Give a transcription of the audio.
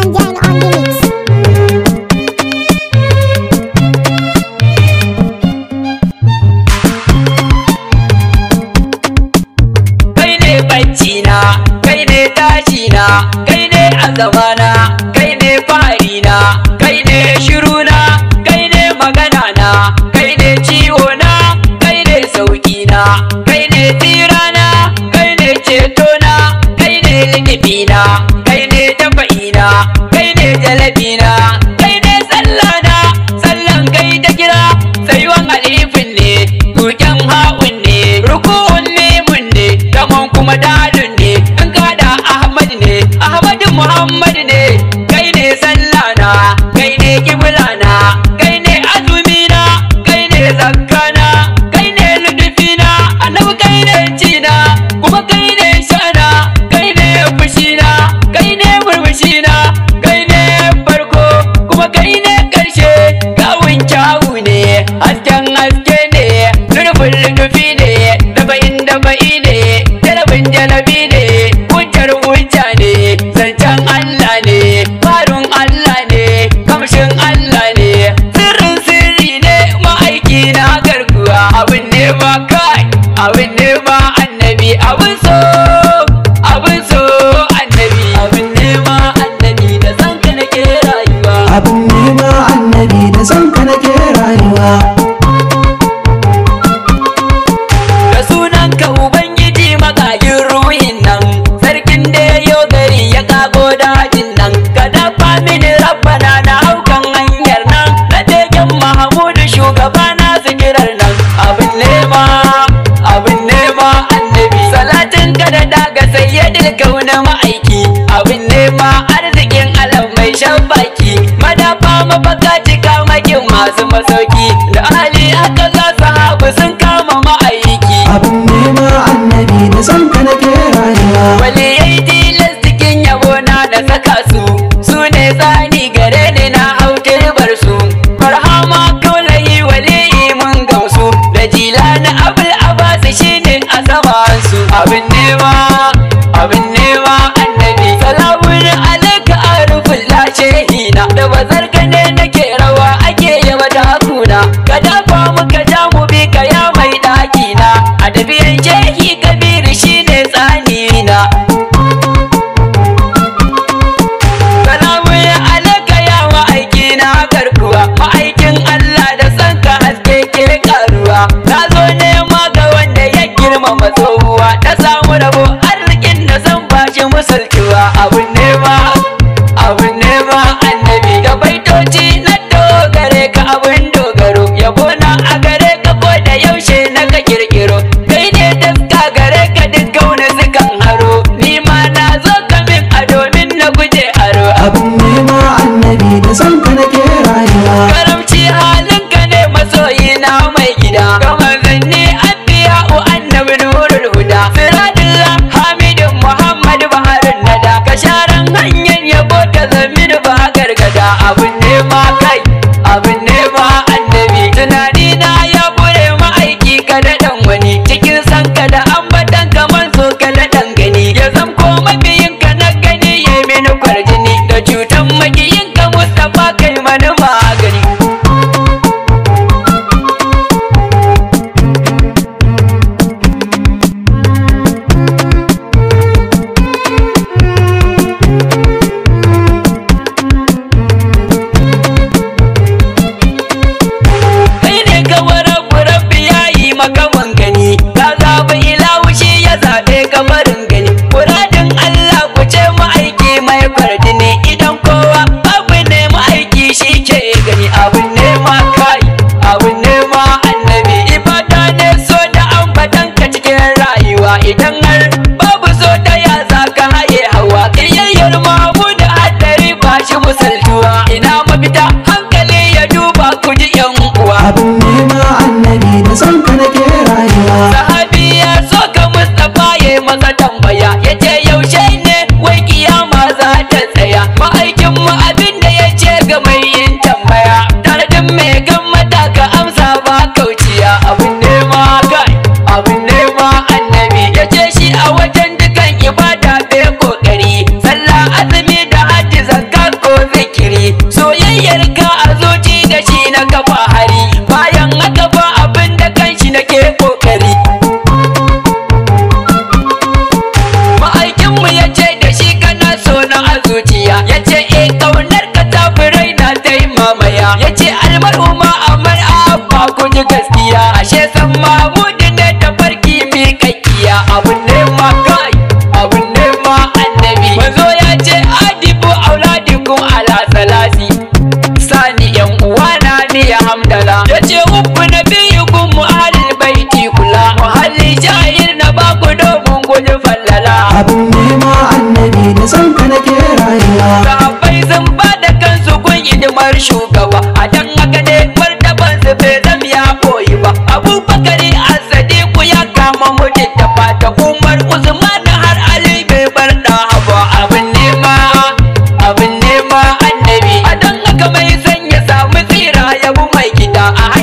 kai na? Kaine zamana na? Kaine fari na kai ne shiru na Kaine magana na Kaine ciwo na Kaine ne sauki na kai ne tsira na Kaine ceto na Kaine ne na उब गई da ali haka za su haɓu sun Vida I